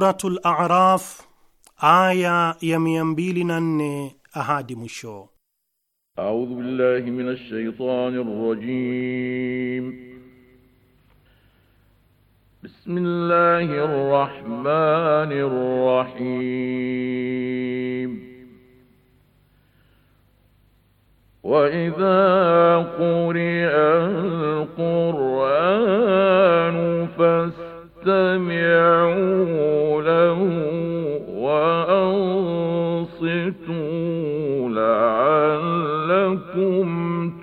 Suratul Araf aya ya 204 ahadi mwisho. A'udhu billahi minash shaitanir rajim. Bismillahir rahmanir rahim. وإذا قرئ القرآن فاس فاستمعوا له وأنصتوا لعلكم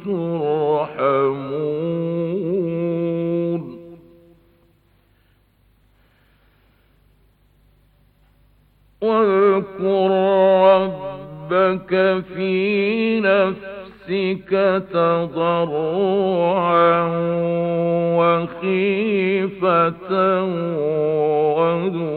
ترحمون واذكر ربك في نفسك تضرعا وخيفة وذو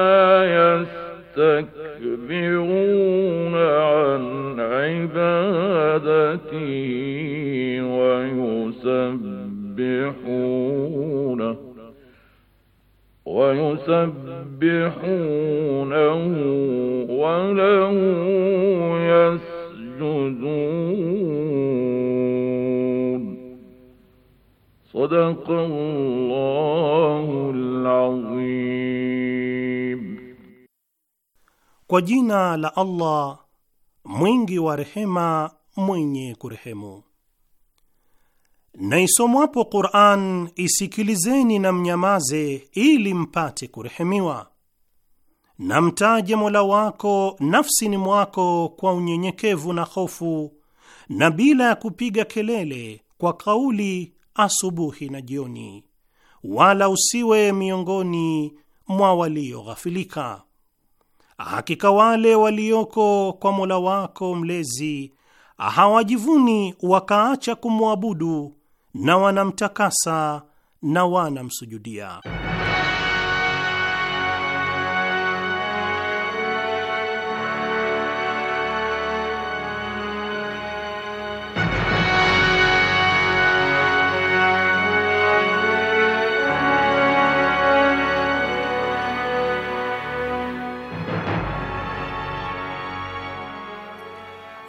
يسبحونه وله يسجدون صدق الله العظيم Kwa jina la Allah mwingi wa rehema mwenye kurehemu. Na isomwapo Qur'an isikilizeni na mnyamaze, ili mpate kurehemiwa. Na mtaje Mola wako nafsini mwako kwa unyenyekevu na hofu, na bila ya kupiga kelele, kwa kauli asubuhi na jioni, wala usiwe miongoni mwa walioghafilika. Hakika wale walioko kwa Mola wako mlezi hawajivuni wakaacha kumwabudu na wanamtakasa na wanamsujudia.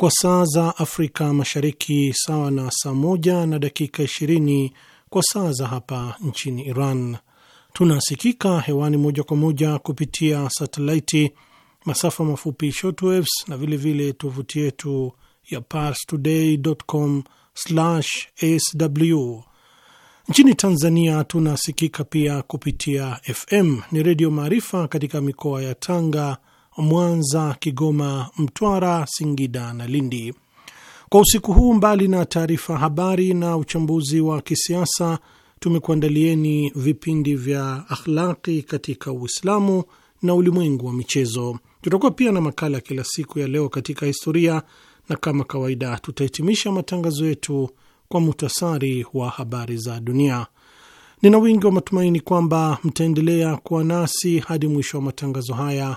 kwa saa za Afrika Mashariki, sawa na saa moja na dakika 20 kwa saa za hapa nchini Iran. Tunasikika hewani moja kwa moja kupitia satelaiti, masafa mafupi shortwaves na vilevile tovuti yetu ya parstoday.com/sw. Nchini Tanzania tunasikika pia kupitia FM ni Redio Maarifa katika mikoa ya Tanga, Mwanza, Kigoma, Mtwara, Singida na Lindi. Kwa usiku huu, mbali na taarifa habari na uchambuzi wa kisiasa, tumekuandalieni vipindi vya akhlaqi katika Uislamu na ulimwengu wa michezo. Tutakuwa pia na makala kila siku ya leo katika historia, na kama kawaida tutahitimisha matangazo yetu kwa muhtasari wa habari za dunia. Nina wingi wa matumaini kwamba mtaendelea kuwa nasi hadi mwisho wa matangazo haya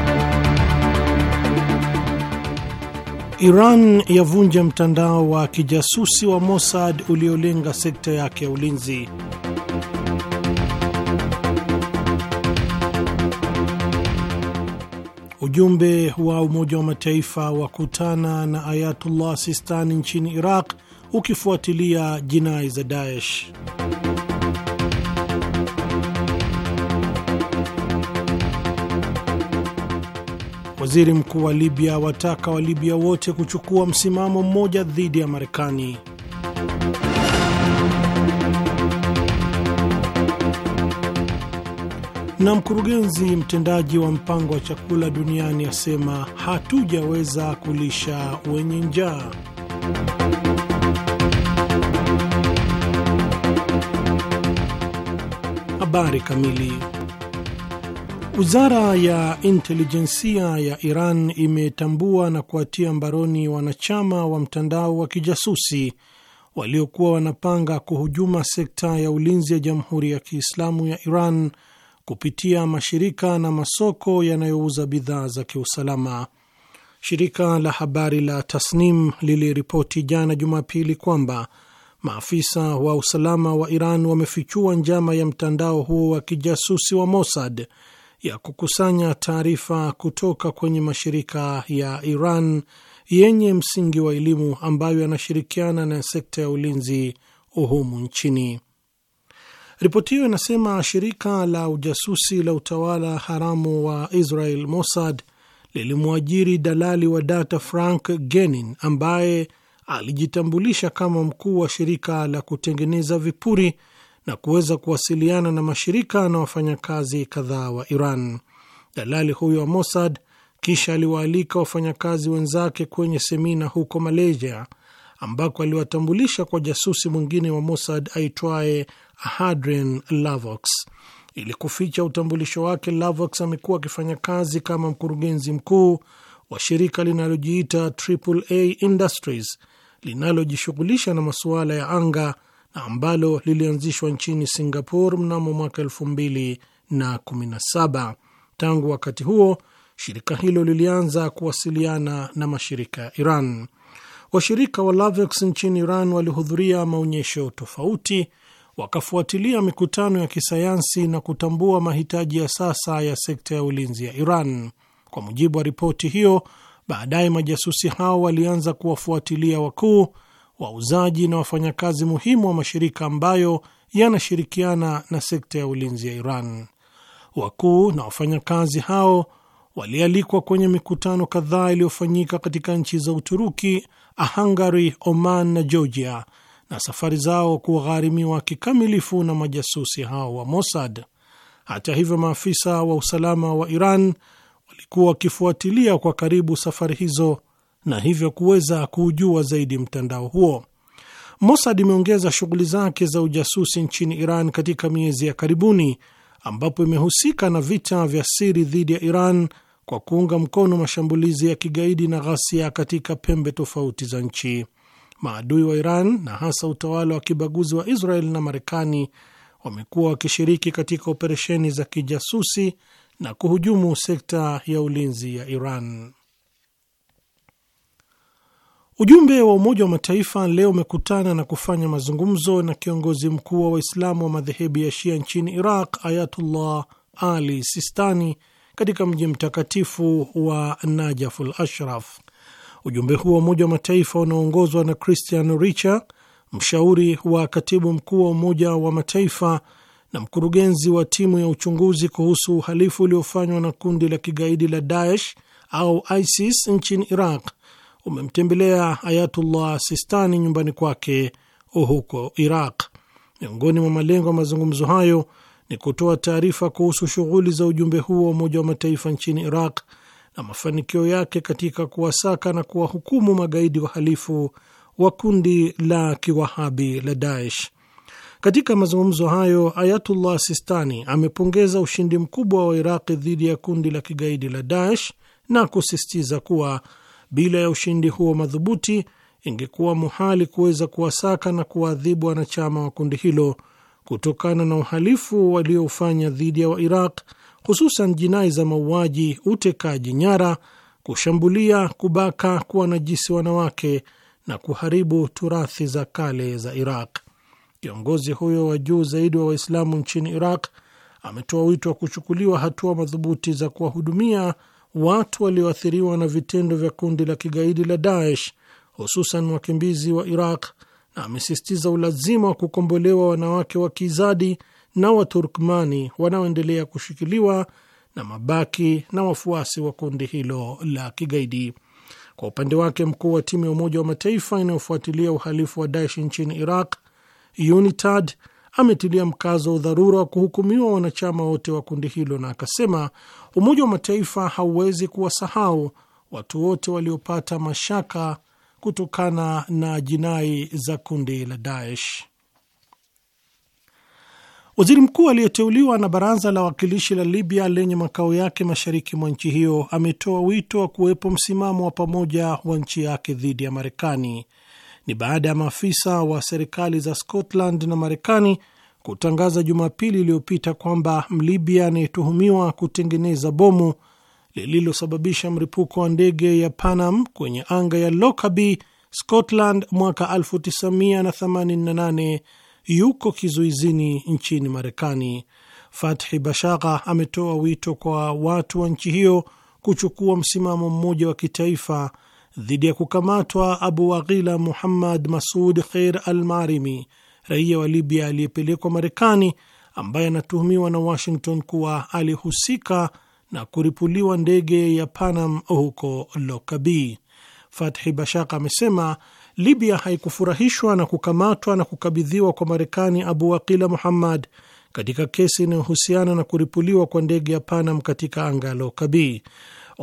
Iran yavunja mtandao wa kijasusi wa Mossad uliolenga sekta yake ya ulinzi. Ujumbe wa Umoja wa Mataifa wakutana na Ayatullah Sistani nchini Iraq ukifuatilia jinai za Daesh. Waziri mkuu wa Libya wataka Walibya wote kuchukua msimamo mmoja dhidi ya Marekani. Na mkurugenzi mtendaji wa mpango wa chakula duniani asema hatujaweza kulisha wenye njaa. Habari kamili Wizara ya intelijensia ya Iran imetambua na kuwatia mbaroni wanachama wa mtandao wa kijasusi waliokuwa wanapanga kuhujuma sekta ya ulinzi ya Jamhuri ya Kiislamu ya Iran kupitia mashirika na masoko yanayouza bidhaa za kiusalama. Shirika la habari la Tasnim liliripoti jana Jumapili kwamba maafisa wa usalama wa Iran wamefichua njama ya mtandao huo wa kijasusi wa Mossad ya kukusanya taarifa kutoka kwenye mashirika ya Iran yenye msingi wa elimu ambayo yanashirikiana na sekta ya ulinzi humu nchini. Ripoti hiyo inasema shirika la ujasusi la utawala haramu wa Israel Mossad lilimwajiri dalali wa data Frank Genin ambaye alijitambulisha kama mkuu wa shirika la kutengeneza vipuri na kuweza kuwasiliana na mashirika na wafanyakazi kadhaa wa Iran. Dalali huyo wa Mossad kisha aliwaalika wafanyakazi wenzake kwenye semina huko Malaysia, ambako aliwatambulisha kwa jasusi mwingine wa Mossad aitwaye Hadrin Lavox. Ili kuficha utambulisho wake, Lavox amekuwa akifanya kazi kama mkurugenzi mkuu wa shirika linalojiita AAA Industries linalojishughulisha na masuala ya anga ambalo lilianzishwa nchini Singapore mnamo mwaka saba. Tangu wakati huo shirika hilo lilianza kuwasiliana na mashirika ya Iran. Washirika wa LAVEX nchini Iran walihudhuria maonyesho tofauti, wakafuatilia mikutano ya kisayansi na kutambua mahitaji ya sasa ya sekta ya ulinzi ya Iran. Kwa mujibu wa ripoti hiyo, baadaye majasusi hao walianza kuwafuatilia wakuu wauzaji na wafanyakazi muhimu wa mashirika ambayo yanashirikiana na sekta ya ulinzi ya Iran. Wakuu na wafanyakazi hao walialikwa kwenye mikutano kadhaa iliyofanyika katika nchi za Uturuki, Hungary, Oman na Georgia, na safari zao kugharimiwa kikamilifu na majasusi hao wa Mossad. Hata hivyo, maafisa wa usalama wa Iran walikuwa wakifuatilia kwa karibu safari hizo na hivyo kuweza kuujua zaidi mtandao huo. Mossad imeongeza shughuli zake za ujasusi nchini Iran katika miezi ya karibuni, ambapo imehusika na vita vya siri dhidi ya Iran kwa kuunga mkono mashambulizi ya kigaidi na ghasia katika pembe tofauti za nchi. Maadui wa Iran na hasa utawala wa kibaguzi wa Israel na Marekani wamekuwa wakishiriki katika operesheni za kijasusi na kuhujumu sekta ya ulinzi ya Iran. Ujumbe wa Umoja wa Mataifa leo umekutana na kufanya mazungumzo na kiongozi mkuu wa Waislamu wa madhehebu ya Shia nchini Iraq, Ayatullah Ali Sistani, katika mji mtakatifu wa Najaful Ashraf. Ujumbe huo wa Umoja wa Mataifa unaoongozwa na Christian richa mshauri wa katibu mkuu wa Umoja wa Mataifa na mkurugenzi wa timu ya uchunguzi kuhusu uhalifu uliofanywa na kundi la kigaidi la Daesh au ISIS nchini Iraq umemtembelea Ayatullah Sistani nyumbani kwake huko Iraq. Miongoni mwa malengo ya mazungumzo hayo ni kutoa taarifa kuhusu shughuli za ujumbe huo wa Umoja wa Mataifa nchini Iraq na mafanikio yake katika kuwasaka na kuwahukumu magaidi wahalifu wa kundi la kiwahabi la Daesh. Katika mazungumzo hayo, Ayatullah Sistani amepongeza ushindi mkubwa wa Iraqi dhidi ya kundi la kigaidi la Daesh na kusisitiza kuwa bila ya ushindi huo madhubuti, ingekuwa muhali kuweza kuwasaka na kuwaadhibu wanachama wa kundi hilo kutokana na uhalifu waliofanya dhidi ya Wairaq, hususan jinai za mauaji, utekaji nyara, kushambulia, kubaka, kuwanajisi wanawake na kuharibu turathi za kale za Iraq. Kiongozi huyo wa juu zaidi wa Waislamu nchini Iraq ametoa wito wa kuchukuliwa hatua madhubuti za kuwahudumia watu walioathiriwa na vitendo vya kundi la kigaidi la Daesh, hususan wakimbizi wa Iraq, na amesisitiza ulazima wa kukombolewa wanawake wa kizadi na Waturkmani wanaoendelea kushikiliwa na mabaki na wafuasi wa kundi hilo la kigaidi. Kwa upande wake, mkuu wa timu ya Umoja wa Mataifa inayofuatilia uhalifu wa Daesh nchini Iraq, UNITAD, ametilia mkazo wa udharura wa kuhukumiwa wanachama wote wa kundi hilo na akasema Umoja wa Mataifa hauwezi kuwasahau watu wote waliopata mashaka kutokana na jinai za kundi la Daesh. Waziri mkuu aliyeteuliwa na baraza la wawakilishi la Libya lenye makao yake mashariki mwa nchi hiyo ametoa wito wa kuwepo msimamo wa pamoja wa nchi yake dhidi ya Marekani ni baada ya maafisa wa serikali za Scotland na Marekani kutangaza Jumapili iliyopita kwamba Mlibya anayetuhumiwa kutengeneza bomu lililosababisha mripuko wa ndege ya Panam kwenye anga ya Lockerbie, Scotland mwaka 1988 yuko kizuizini nchini Marekani. Fathi Bashagha ametoa wito kwa watu wa nchi hiyo kuchukua msimamo mmoja wa kitaifa dhidi ya kukamatwa Abu Waghila Muhammad Masud Khair al Marimi, raia wa Libya aliyepelekwa Marekani, ambaye anatuhumiwa na Washington kuwa alihusika na kuripuliwa ndege ya Panam huko Lokabi. Fathi Bashaka amesema Libya haikufurahishwa na kukamatwa na kukabidhiwa kwa Marekani Abu Waqila Muhammad katika kesi inayohusiana na kuripuliwa kwa ndege ya Panam katika anga ya Lokabi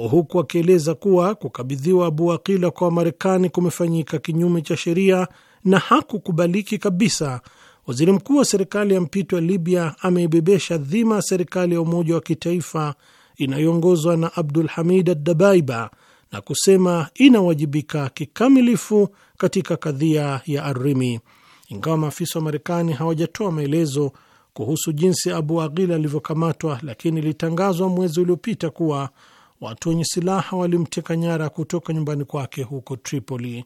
huku akieleza kuwa kukabidhiwa Abu Aqila kwa Wamarekani kumefanyika kinyume cha sheria na hakukubaliki kabisa. Waziri mkuu wa serikali ya mpito ya Libya ameibebesha dhima ya serikali ya umoja wa kitaifa inayoongozwa na Abdul Hamid adabaiba na kusema inawajibika kikamilifu katika kadhia ya Arrimi, ingawa maafisa wa Marekani hawajatoa maelezo kuhusu jinsi Abu Aqila alivyokamatwa, lakini ilitangazwa mwezi uliopita kuwa watu wenye silaha walimteka nyara kutoka nyumbani kwake huko Tripoli.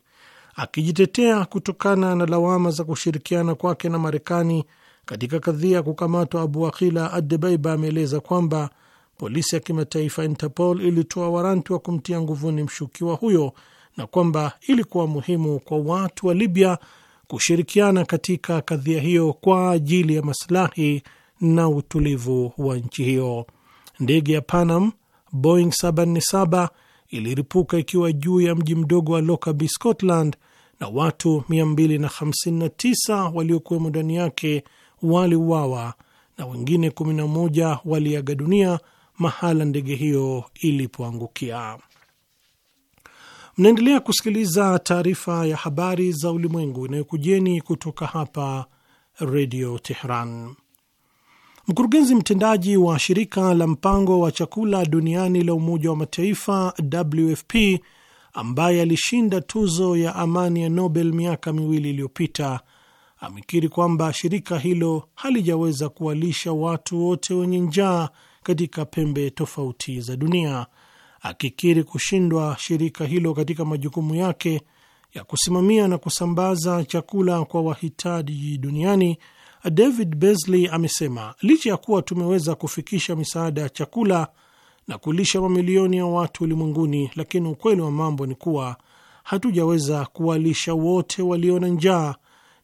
Akijitetea kutokana na lawama za kushirikiana kwake na Marekani katika kadhia ya kukamatwa Abu Akhila, Adebaiba, ameeleza kwamba polisi ya kimataifa Interpol ilitoa waranti wa kumtia nguvuni mshukiwa huyo na kwamba ilikuwa muhimu kwa watu wa Libya kushirikiana katika kadhia hiyo kwa ajili ya maslahi na utulivu wa nchi hiyo. Ndege ya Panam Boeing 747 iliripuka ikiwa juu ya mji mdogo wa Lockerbie, Scotland, na watu 259 waliokuwemo ndani yake waliuawa na wengine 11 waliaga dunia mahala ndege hiyo ilipoangukia. Mnaendelea kusikiliza taarifa ya habari za ulimwengu inayokujeni kutoka hapa Redio Tehran. Mkurugenzi mtendaji wa shirika la mpango wa chakula duniani la Umoja wa Mataifa WFP, ambaye alishinda tuzo ya amani ya Nobel miaka miwili iliyopita, amekiri kwamba shirika hilo halijaweza kuwalisha watu wote wenye njaa katika pembe tofauti za dunia, akikiri kushindwa shirika hilo katika majukumu yake ya kusimamia na kusambaza chakula kwa wahitaji duniani David Beasley amesema licha ya kuwa tumeweza kufikisha misaada ya chakula na kulisha mamilioni ya watu ulimwenguni, lakini ukweli wa mambo ni kuwa hatujaweza kuwalisha wote walio na njaa,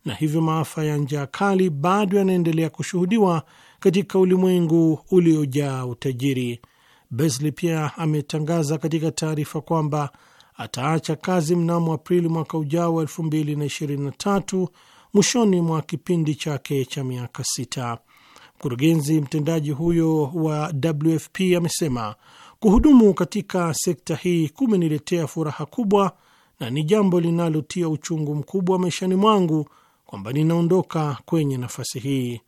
na hivyo maafa ya njaa kali bado yanaendelea kushuhudiwa katika ulimwengu uliojaa utajiri. Beasley pia ametangaza katika taarifa kwamba ataacha kazi mnamo Aprili mwaka ujao wa 2023 mwishoni mwa kipindi chake cha miaka sita. Mkurugenzi mtendaji huyo wa WFP amesema kuhudumu katika sekta hii kumeniletea furaha kubwa na ni jambo linalotia uchungu mkubwa maishani mwangu kwamba ninaondoka kwenye nafasi hii.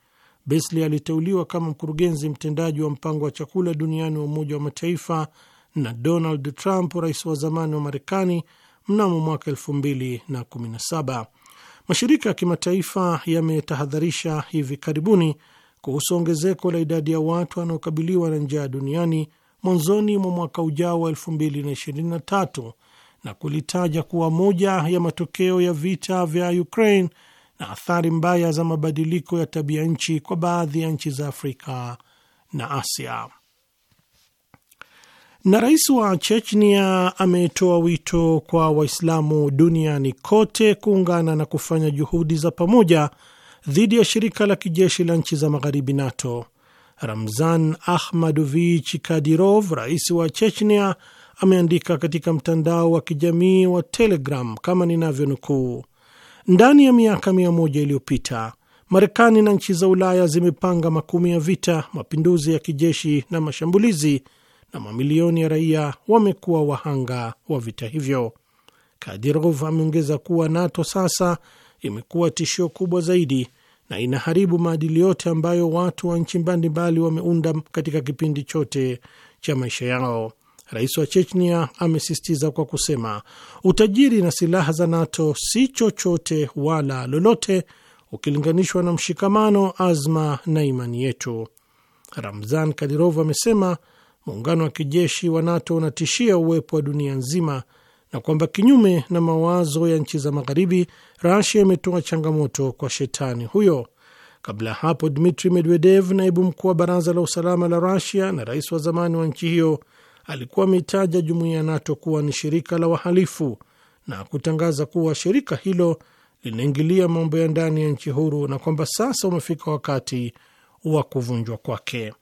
Beasley aliteuliwa kama mkurugenzi mtendaji wa mpango wa chakula duniani wa Umoja wa Mataifa na Donald Trump, rais wa zamani wa Marekani, mnamo mwaka 2017. Mashirika ya kimataifa yametahadharisha hivi karibuni kuhusu ongezeko la idadi ya watu wanaokabiliwa na njaa duniani mwanzoni mwa mwaka ujao wa 2023 na kulitaja kuwa moja ya matokeo ya vita vya Ukraine na athari mbaya za mabadiliko ya tabia nchi kwa baadhi ya nchi za Afrika na Asia. Na rais wa Chechnia ametoa wito kwa Waislamu duniani kote kuungana na kufanya juhudi za pamoja dhidi ya shirika la kijeshi la nchi za magharibi NATO. Ramzan Ahmadovich Kadirov, rais wa Chechnia, ameandika katika mtandao wa kijamii wa Telegram kama ninavyonukuu: ndani ya miaka mia moja iliyopita Marekani na nchi za Ulaya zimepanga makumi ya vita, mapinduzi ya kijeshi na mashambulizi na mamilioni ya raia wamekuwa wahanga wa vita hivyo. Kadirov ameongeza kuwa NATO sasa imekuwa tishio kubwa zaidi na inaharibu maadili yote ambayo watu wa nchi mbalimbali wameunda katika kipindi chote cha maisha yao. Rais wa Chechnia amesisitiza kwa kusema, utajiri na silaha za NATO si chochote wala lolote ukilinganishwa na mshikamano, azma na imani yetu. Ramzan Kadirov amesema muungano wa kijeshi wa NATO unatishia uwepo wa dunia nzima na kwamba kinyume na mawazo ya nchi za Magharibi, Rasia imetoa changamoto kwa shetani huyo. Kabla ya hapo, Dmitri Medvedev, naibu mkuu wa baraza la usalama la Rasia na rais wa zamani wa nchi hiyo, alikuwa ameitaja jumuiya ya NATO kuwa ni shirika la wahalifu na kutangaza kuwa shirika hilo linaingilia mambo ya ndani ya nchi huru na kwamba sasa umefika wakati wa kuvunjwa kwake.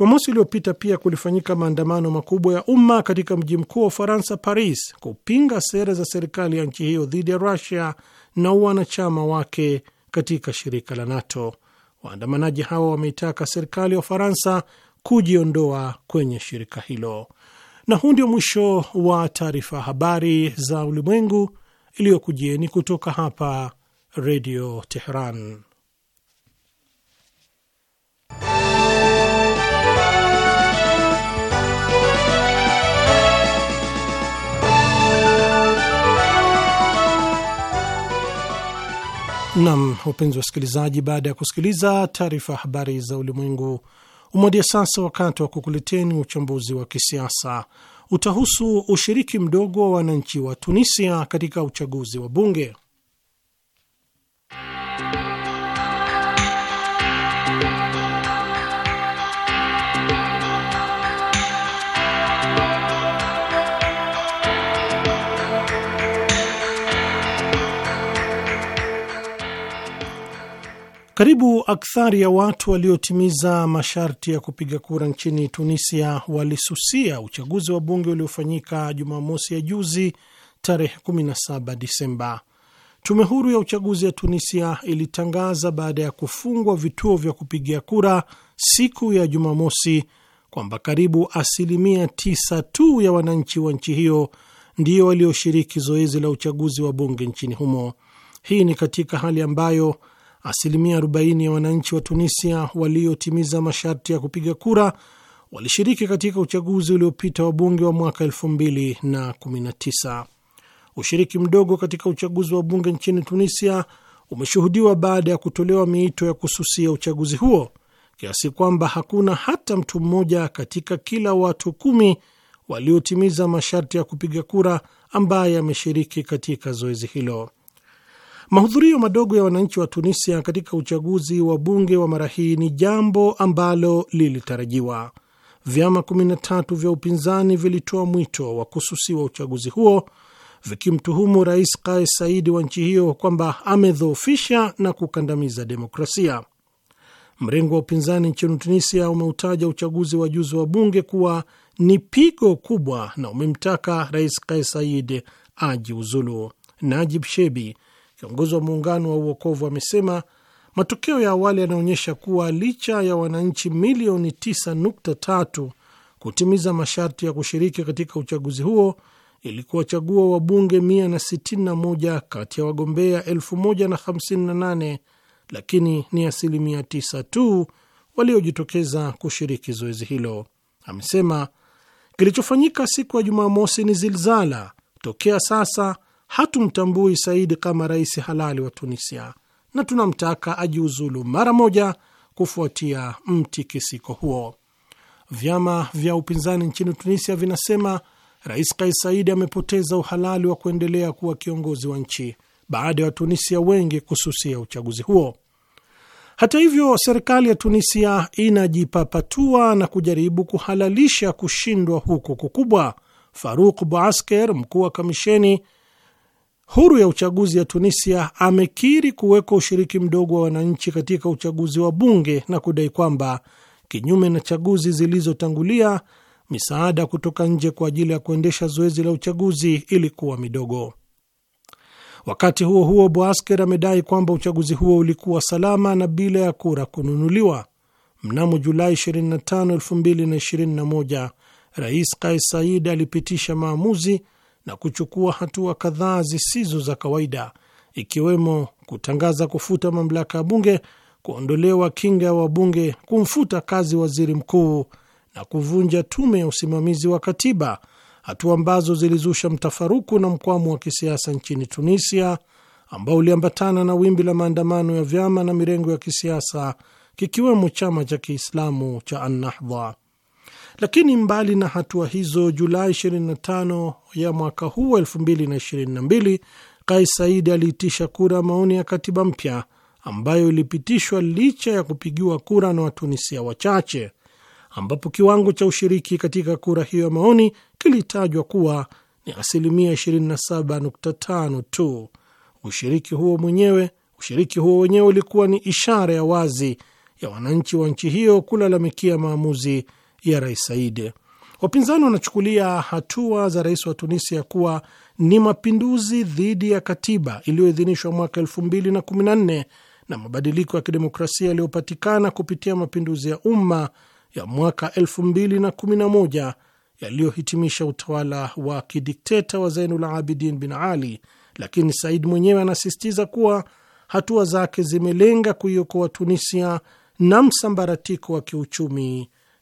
Jumamosi iliyopita pia kulifanyika maandamano makubwa ya umma katika mji mkuu wa Ufaransa, Paris, kupinga sera za serikali ya nchi hiyo dhidi ya Rusia na wanachama wake katika shirika la NATO. Waandamanaji hawa wameitaka serikali ya Ufaransa kujiondoa kwenye shirika hilo. Na huu ndio mwisho wa taarifa habari za ulimwengu iliyokujieni kutoka hapa Redio Teheran. Nam, wapenzi wasikilizaji, baada ya kusikiliza taarifa ya habari za ulimwengu, umoja sasa wakati wa kukuleteni uchambuzi wa kisiasa. Utahusu ushiriki mdogo wa wananchi wa Tunisia katika uchaguzi wa bunge. Karibu akthari ya watu waliotimiza masharti ya kupiga kura nchini Tunisia walisusia uchaguzi wa bunge uliofanyika Jumamosi ya juzi tarehe 17 Disemba. Tume huru ya uchaguzi ya Tunisia ilitangaza baada ya kufungwa vituo vya kupigia kura siku ya Jumamosi kwamba karibu asilimia 9 tu ya wananchi wa nchi hiyo ndiyo walioshiriki zoezi la uchaguzi wa bunge nchini humo. Hii ni katika hali ambayo asilimia 40 ya wananchi wa Tunisia waliotimiza masharti ya kupiga kura walishiriki katika uchaguzi uliopita wa bunge wa mwaka 2019. Ushiriki mdogo katika uchaguzi wa bunge nchini Tunisia umeshuhudiwa baada ya kutolewa miito ya kususia uchaguzi huo kiasi kwamba hakuna hata mtu mmoja katika kila watu kumi waliotimiza masharti ya kupiga kura ambaye ameshiriki katika zoezi hilo. Mahudhurio madogo ya wananchi wa Tunisia katika uchaguzi wa bunge wa mara hii ni jambo ambalo lilitarajiwa. Vyama 13 vya upinzani vilitoa mwito wa kususiwa uchaguzi huo vikimtuhumu Rais Kais Saidi wa nchi hiyo kwamba amedhoofisha na kukandamiza demokrasia. Mrengo wa upinzani nchini Tunisia umeutaja uchaguzi wa juzi wa bunge kuwa ni pigo kubwa na umemtaka Rais Kais Said ajiuzulu. Najib Shebi Kiongozi wa muungano wa uokovu amesema matokeo ya awali yanaonyesha kuwa licha ya wananchi milioni 9.3 kutimiza masharti ya kushiriki katika uchaguzi huo, ili kuwachagua wabunge 161 kati ya wagombea 1058 lakini ni asilimia 9 tu waliojitokeza kushiriki zoezi hilo. Amesema kilichofanyika siku ya Jumamosi ni zilzala. Tokea sasa hatumtambui Saidi kama rais halali wa Tunisia na tunamtaka ajiuzulu mara moja kufuatia mtikisiko huo. Vyama vya upinzani nchini Tunisia vinasema Rais Kais Saidi amepoteza uhalali wa kuendelea kuwa kiongozi wa nchi baada ya Watunisia wengi kususia uchaguzi huo. Hata hivyo, serikali ya Tunisia inajipapatua na kujaribu kuhalalisha kushindwa huku kukubwa. Faruk Boasker, mkuu wa kamisheni huru ya uchaguzi ya Tunisia amekiri kuweka ushiriki mdogo wa wananchi katika uchaguzi wa bunge na kudai kwamba kinyume na chaguzi zilizotangulia, misaada kutoka nje kwa ajili ya kuendesha zoezi la uchaguzi ilikuwa midogo. Wakati huo huo, Boasker amedai kwamba uchaguzi huo ulikuwa salama na bila ya kura kununuliwa. Mnamo Julai 25, 2021 Rais Kais Saied alipitisha maamuzi na kuchukua hatua kadhaa zisizo za kawaida ikiwemo kutangaza kufuta mamlaka ya bunge, kuondolewa kinga ya wabunge, kumfuta kazi waziri mkuu na kuvunja tume ya usimamizi wa katiba, hatua ambazo zilizusha mtafaruku na mkwamo wa kisiasa nchini Tunisia ambao uliambatana na wimbi la maandamano ya vyama na mirengo ya kisiasa kikiwemo chama cha Kiislamu cha Annahdha. Lakini mbali na hatua hizo, Julai 25 ya mwaka huu 2022 Kais Saidi aliitisha kura maoni ya katiba mpya ambayo ilipitishwa licha ya kupigiwa kura na Watunisia wachache, ambapo kiwango cha ushiriki katika kura hiyo ya maoni kilitajwa kuwa ni asilimia 27.5 tu. Ushiriki huo mwenyewe ushiriki huo wenyewe ulikuwa ni ishara ya wazi ya wananchi wa nchi hiyo kulalamikia maamuzi ya Rais Said. Wapinzani wanachukulia hatua za rais wa Tunisia kuwa ni mapinduzi dhidi ya katiba iliyoidhinishwa mwaka elfu mbili na kumi na nne na mabadiliko ya kidemokrasia yaliyopatikana kupitia mapinduzi ya umma ya mwaka elfu mbili na kumi na moja yaliyohitimisha utawala wa kidikteta wa Zainul Abidin bin Ali, lakini Said mwenyewe anasisitiza kuwa hatua zake zimelenga kuiokoa Tunisia na msambaratiko wa kiuchumi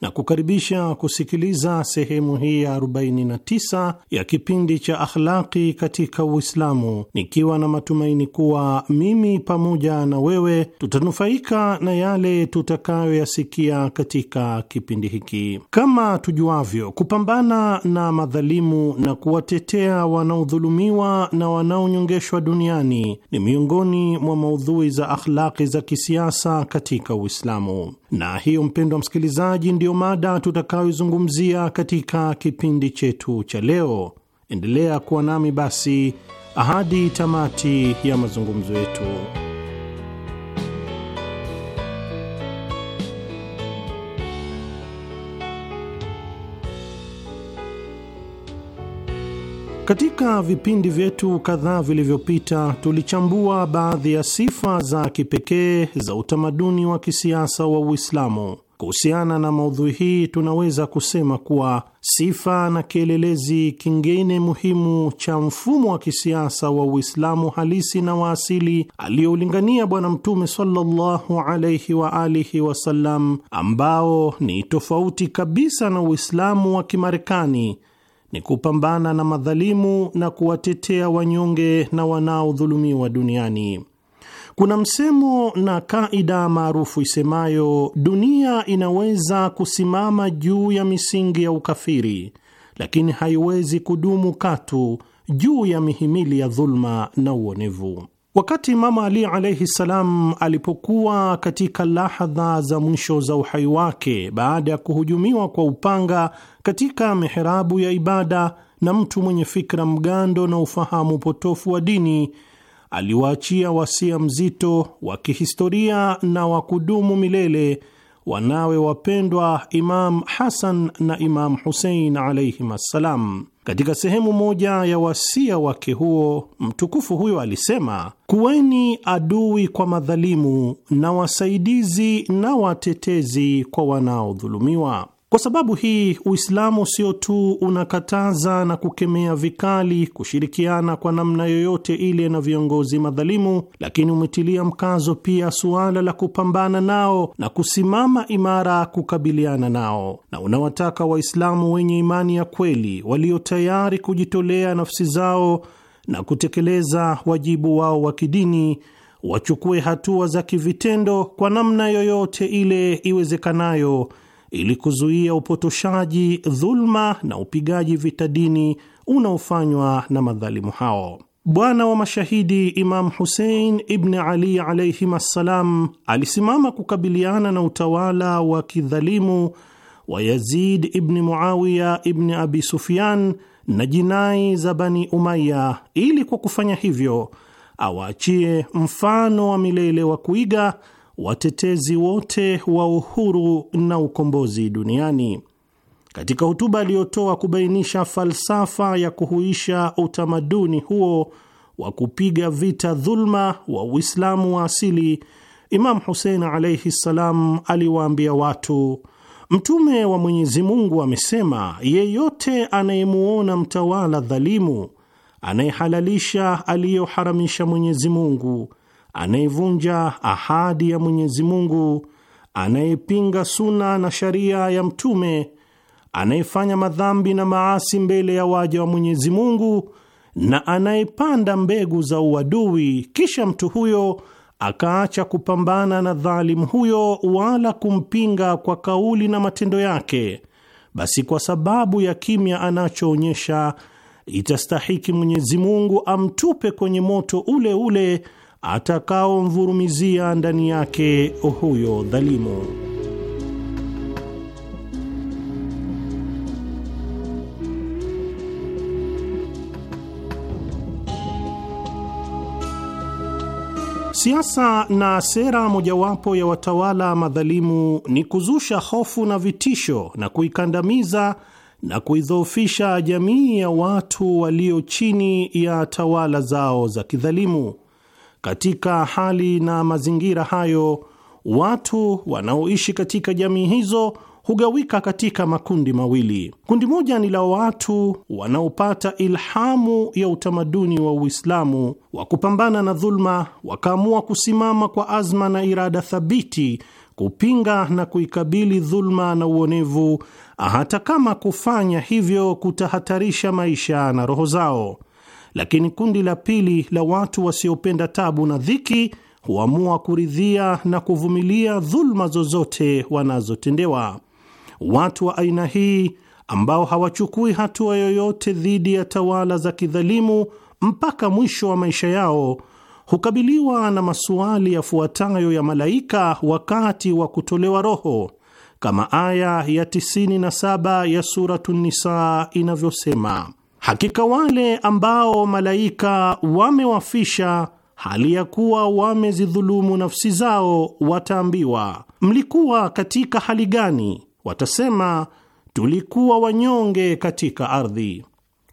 na kukaribisha kusikiliza sehemu hii ya 49 ya kipindi cha Akhlaqi katika Uislamu, nikiwa na matumaini kuwa mimi pamoja na wewe tutanufaika na yale tutakayoyasikia katika kipindi hiki. Kama tujuavyo, kupambana na madhalimu na kuwatetea wanaodhulumiwa na wanaonyongeshwa duniani ni miongoni mwa maudhui za akhlaqi za kisiasa katika Uislamu na hiyo, mpendwa msikilizaji, ndiyo mada tutakayoizungumzia katika kipindi chetu cha leo. Endelea kuwa nami basi ahadi tamati ya mazungumzo yetu. Katika vipindi vyetu kadhaa vilivyopita tulichambua baadhi ya sifa za kipekee za utamaduni wa kisiasa wa Uislamu. Kuhusiana na maudhui hii, tunaweza kusema kuwa sifa na kielelezi kingine muhimu cha mfumo wa kisiasa wa Uislamu halisi na waasili aliyoulingania Bwana Mtume sallallahu alaihi wa alihi wasallam, ambao ni tofauti kabisa na Uislamu wa Kimarekani ni kupambana na madhalimu na kuwatetea wanyonge na wanaodhulumiwa duniani. Kuna msemo na kaida maarufu isemayo, dunia inaweza kusimama juu ya misingi ya ukafiri, lakini haiwezi kudumu katu juu ya mihimili ya dhuluma na uonevu. Wakati mama Ali alaihi ssalam alipokuwa katika lahadha za mwisho za uhai wake baada ya kuhujumiwa kwa upanga katika mihrabu ya ibada na mtu mwenye fikra mgando na ufahamu potofu wa dini, aliwaachia wasia mzito wa kihistoria na wa kudumu milele wanawe wapendwa Imam Hasan na Imam Husein alaihim assalam. Katika sehemu moja ya wasia wake huo mtukufu huyo alisema, kuweni adui kwa madhalimu na wasaidizi na watetezi kwa wanaodhulumiwa. Kwa sababu hii Uislamu sio tu unakataza na kukemea vikali kushirikiana kwa namna yoyote ile na viongozi madhalimu, lakini umetilia mkazo pia suala la kupambana nao na kusimama imara kukabiliana nao, na unawataka Waislamu wenye imani ya kweli walio tayari kujitolea nafsi zao na kutekeleza wajibu wao wa kidini wachukue hatua za kivitendo kwa namna yoyote ile iwezekanayo ili kuzuia upotoshaji, dhulma na upigaji vita dini unaofanywa na madhalimu hao. Bwana wa mashahidi Imam Husein Ibn Ali alayhim assalam alisimama kukabiliana na utawala wa kidhalimu wa Yazid Ibni Muawiya Ibni Abi Sufyan na jinai za Bani Umaya, ili kwa kufanya hivyo awaachie mfano wa milele wa kuiga watetezi wote wa uhuru na ukombozi duniani. Katika hotuba aliyotoa kubainisha falsafa ya kuhuisha utamaduni huo wa kupiga vita dhulma wa Uislamu wa asili, Imam Husein alaihi ssalam aliwaambia watu, Mtume wa Mwenyezi Mungu amesema, yeyote anayemuona mtawala dhalimu, anayehalalisha aliyoharamisha Mwenyezi Mungu anayevunja ahadi ya Mwenyezi Mungu, anayepinga suna na sharia ya Mtume, anayefanya madhambi na maasi mbele ya waja wa Mwenyezi Mungu na anayepanda mbegu za uadui, kisha mtu huyo akaacha kupambana na dhalimu huyo wala kumpinga kwa kauli na matendo yake, basi kwa sababu ya kimya anachoonyesha itastahiki Mwenyezi Mungu amtupe kwenye moto ule ule atakaomvurumizia ndani yake huyo dhalimu. Siasa na sera mojawapo ya watawala madhalimu ni kuzusha hofu na vitisho na kuikandamiza na kuidhoofisha jamii ya watu walio chini ya tawala zao za kidhalimu. Katika hali na mazingira hayo, watu wanaoishi katika jamii hizo hugawika katika makundi mawili. Kundi moja ni la watu wanaopata ilhamu ya utamaduni wa Uislamu wa kupambana na dhuluma, wakaamua kusimama kwa azma na irada thabiti kupinga na kuikabili dhuluma na uonevu, hata kama kufanya hivyo kutahatarisha maisha na roho zao lakini kundi la pili la watu wasiopenda tabu na dhiki huamua kuridhia na kuvumilia dhuluma zozote wanazotendewa. Watu wa aina hii ambao hawachukui hatua yoyote dhidi ya tawala za kidhalimu mpaka mwisho wa maisha yao hukabiliwa na masuali yafuatayo ya malaika wakati wa kutolewa roho, kama aya ya 97 ya Suratu Nisa inavyosema: Hakika wale ambao malaika wamewafisha hali ya kuwa wamezidhulumu nafsi zao wataambiwa, mlikuwa katika hali gani? Watasema, tulikuwa wanyonge katika ardhi.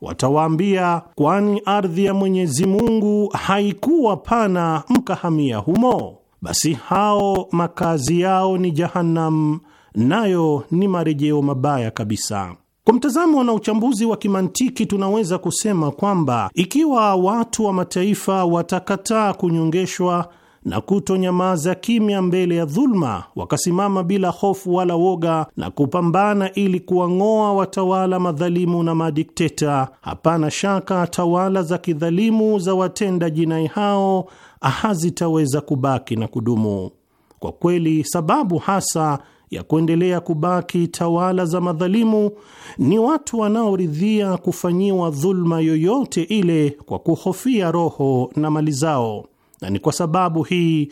Watawaambia, kwani ardhi ya Mwenyezi Mungu haikuwa pana mkahamia humo? Basi hao makazi yao ni Jahannam, nayo ni marejeo mabaya kabisa. Kwa mtazamo na uchambuzi wa kimantiki tunaweza kusema kwamba ikiwa watu wa mataifa watakataa kunyongeshwa na kutonyamaza kimya mbele ya dhuluma, wakasimama bila hofu wala woga na kupambana ili kuwang'oa watawala madhalimu na madikteta, hapana shaka tawala za kidhalimu za watenda jinai hao hazitaweza kubaki na kudumu. Kwa kweli, sababu hasa ya kuendelea kubaki tawala za madhalimu ni watu wanaoridhia kufanyiwa dhuluma yoyote ile kwa kuhofia roho na mali zao, na ni kwa sababu hii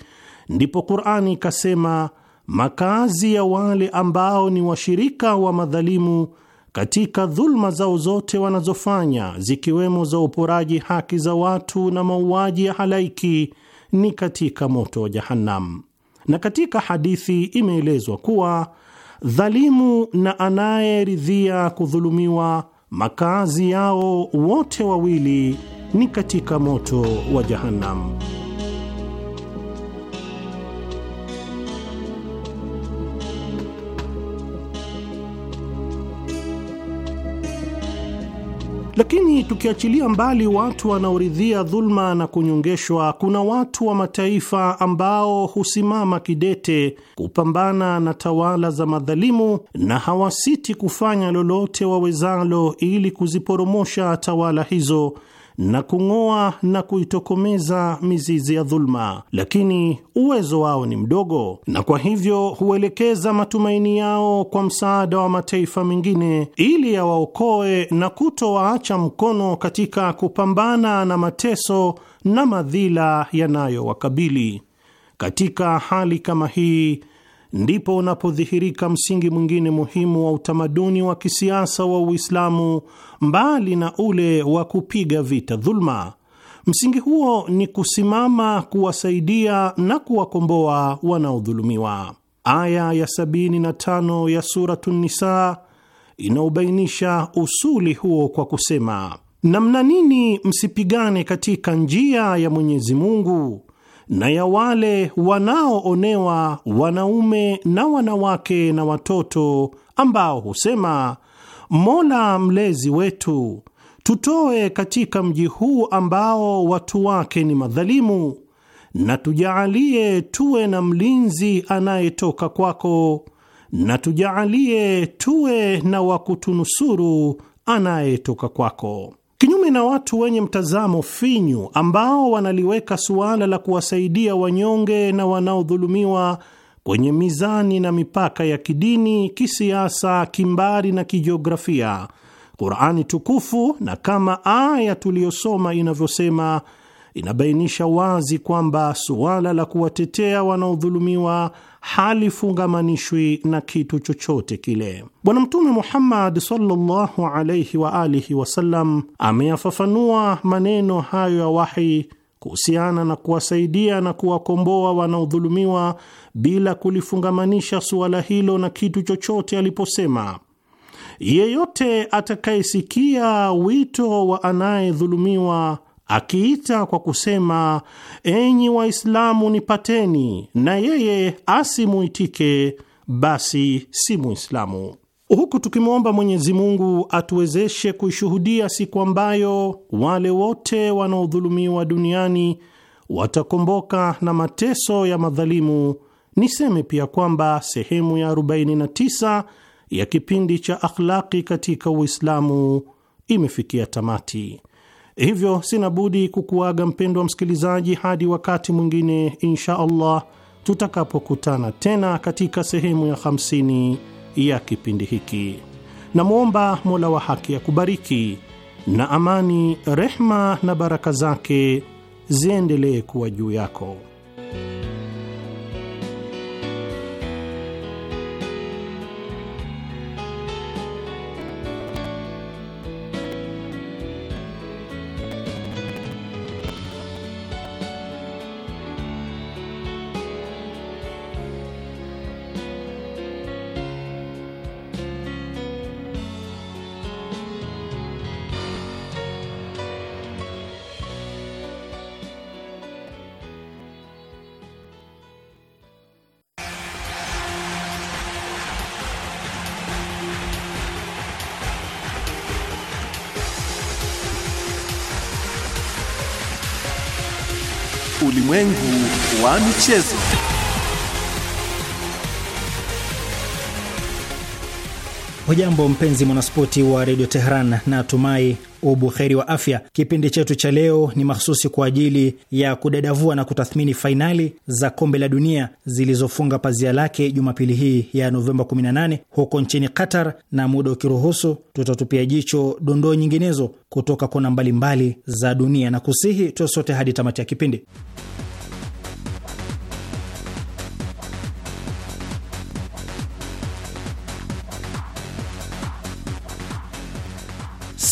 ndipo Qur'ani ikasema makazi ya wale ambao ni washirika wa madhalimu katika dhulma zao zote wanazofanya zikiwemo za uporaji haki za watu na mauaji ya halaiki ni katika moto wa Jahannam. Na katika hadithi imeelezwa kuwa dhalimu na anayeridhia kudhulumiwa makazi yao wote wawili ni katika moto wa Jahannam. Lakini tukiachilia mbali watu wanaoridhia dhulma na kunyongeshwa, kuna watu wa mataifa ambao husimama kidete kupambana na tawala za madhalimu na hawasiti kufanya lolote wawezalo ili kuziporomosha tawala hizo na kung'oa na kuitokomeza mizizi ya dhuluma, lakini uwezo wao ni mdogo, na kwa hivyo huelekeza matumaini yao kwa msaada wa mataifa mengine ili yawaokoe na kutowaacha mkono katika kupambana na mateso na madhila yanayowakabili. Katika hali kama hii ndipo unapodhihirika msingi mwingine muhimu wa utamaduni wa kisiasa wa Uislamu, mbali na ule wa kupiga vita dhuluma. Msingi huo ni kusimama kuwasaidia na kuwakomboa wanaodhulumiwa. Aya ya 75 ya Suratu Nisa inaubainisha usuli huo kwa kusema, namna nini msipigane katika njia ya Mwenyezi Mungu na ya wale wanaoonewa wanaume na wanawake na watoto ambao husema, Mola mlezi wetu, tutoe katika mji huu ambao watu wake ni madhalimu, na tujaalie tuwe na mlinzi anayetoka kwako, na tujaalie tuwe na wakutunusuru anayetoka kwako na watu wenye mtazamo finyu ambao wanaliweka suala la kuwasaidia wanyonge na wanaodhulumiwa kwenye mizani na mipaka ya kidini, kisiasa, kimbari na kijiografia, Qur'ani tukufu na kama aya tuliyosoma inavyosema inabainisha wazi kwamba suala la kuwatetea wanaodhulumiwa halifungamanishwi na kitu chochote kile. Bwana Mtume Muhammad sallallahu wa alihi wasallam ameyafafanua maneno hayo ya wahi kuhusiana na kuwasaidia na kuwakomboa wanaodhulumiwa bila kulifungamanisha suala hilo na kitu chochote aliposema: yeyote atakayesikia wito wa anayedhulumiwa akiita kwa kusema, enyi Waislamu nipateni, na yeye asimuitike, basi si Muislamu. Huku tukimwomba Mwenyezi Mungu atuwezeshe kuishuhudia siku ambayo wale wote wanaodhulumiwa duniani watakomboka na mateso ya madhalimu. Niseme pia kwamba sehemu ya 49 ya kipindi cha akhlaki katika Uislamu imefikia tamati. Hivyo sina budi kukuaga mpendwa msikilizaji, hadi wakati mwingine insha Allah tutakapokutana tena katika sehemu ya 50 ya kipindi hiki. Namwomba Mola wa haki akubariki, na amani, rehma na baraka zake ziendelee kuwa juu yako. wa michezo. Hujambo mpenzi mwanaspoti wa redio Tehran na tumai ubuheri wa afya. Kipindi chetu cha leo ni mahsusi kwa ajili ya kudadavua na kutathmini fainali za kombe la dunia zilizofunga pazia lake Jumapili hii ya Novemba 18 huko nchini Qatar, na muda ukiruhusu, tutatupia jicho dondoo nyinginezo kutoka kona mbalimbali za dunia na kusihi tuosote hadi tamati ya kipindi.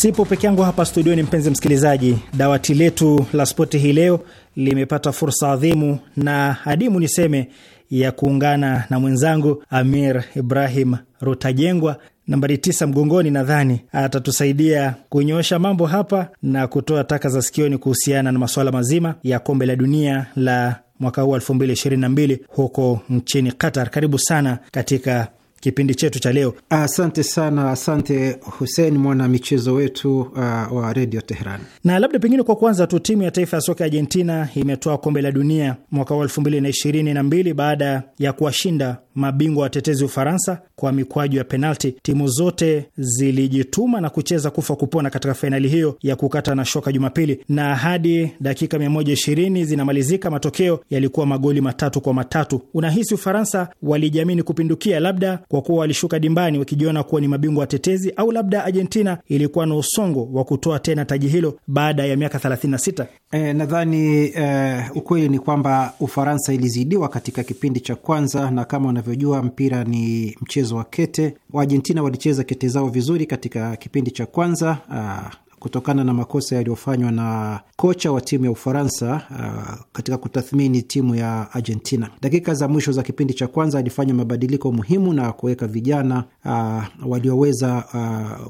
Sipo peke yangu hapa studioni, mpenzi msikilizaji. Dawati letu la spoti hii leo limepata fursa adhimu na adimu niseme, ya kuungana na mwenzangu Amir Ibrahim Rutajengwa, nambari tisa mgongoni. Nadhani atatusaidia kunyoosha mambo hapa na kutoa taka za sikioni kuhusiana na masuala mazima ya kombe la dunia la mwaka huu 2022 huko nchini Qatar. Karibu sana katika kipindi chetu cha leo. Asante sana, asante Hussein, mwana michezo wetu uh, wa redio teheran Na labda pengine kwa kwanza tu, timu ya taifa ya soka ya Argentina imetoa kombe la dunia mwaka wa elfu mbili na ishirini na mbili baada ya kuwashinda mabingwa watetezi Ufaransa kwa mikwaju ya penalti. Timu zote zilijituma na kucheza kufa kupona katika fainali hiyo ya kukata na shoka Jumapili, na hadi dakika 120 zinamalizika, matokeo yalikuwa magoli matatu kwa matatu. Unahisi Ufaransa walijiamini kupindukia, labda kwa kuwa walishuka dimbani wakijiona kuwa ni mabingwa watetezi, au labda Argentina ilikuwa na usongo wa kutoa tena taji hilo baada ya miaka 36? E, nadhani e, ukweli ni kwamba Ufaransa ilizidiwa katika kipindi cha kwanza na kama unavyo mnavyojua mpira ni mchezo wa kete. Waargentina walicheza kete zao vizuri katika kipindi cha kwanza aa, ah, kutokana na makosa yaliyofanywa na kocha wa timu ya Ufaransa uh, katika kutathmini timu ya Argentina. Dakika za mwisho za kipindi cha kwanza alifanya mabadiliko muhimu na kuweka vijana uh, walioweza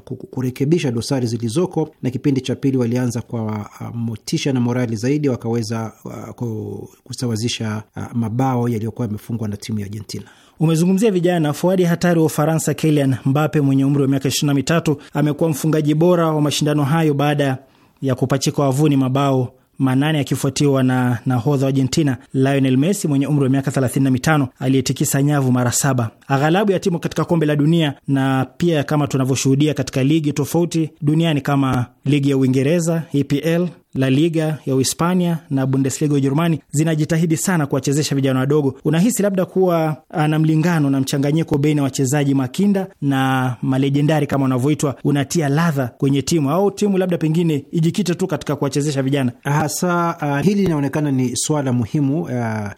uh, kurekebisha dosari zilizoko, na kipindi cha pili walianza kwa uh, motisha na morali zaidi, wakaweza uh, kusawazisha uh, mabao yaliyokuwa yamefungwa na timu ya Argentina. Umezungumzia vijana. Fuadi hatari wa Ufaransa, Kylian Mbappe mwenye umri wa miaka 23 amekuwa mfungaji bora wa mashindano hayo baada ya kupachika wavuni mabao manane akifuatiwa na nahodha wa Argentina Lionel Messi mwenye umri wa miaka 35 aliyetikisa nyavu mara saba. Aghalabu ya timu katika kombe la dunia na pia kama tunavyoshuhudia katika ligi tofauti duniani kama ligi ya Uingereza EPL, la Liga ya Uhispania na Bundesliga ya Ujerumani zinajitahidi sana kuwachezesha vijana wadogo. Unahisi labda kuwa ana ah, mlingano na mchanganyiko baina ya wachezaji makinda na malejendari kama wanavyoitwa unatia ladha kwenye timu, au timu labda pengine ijikite tu katika kuwachezesha vijana hasa? Uh, hili linaonekana ni swala muhimu. Uh,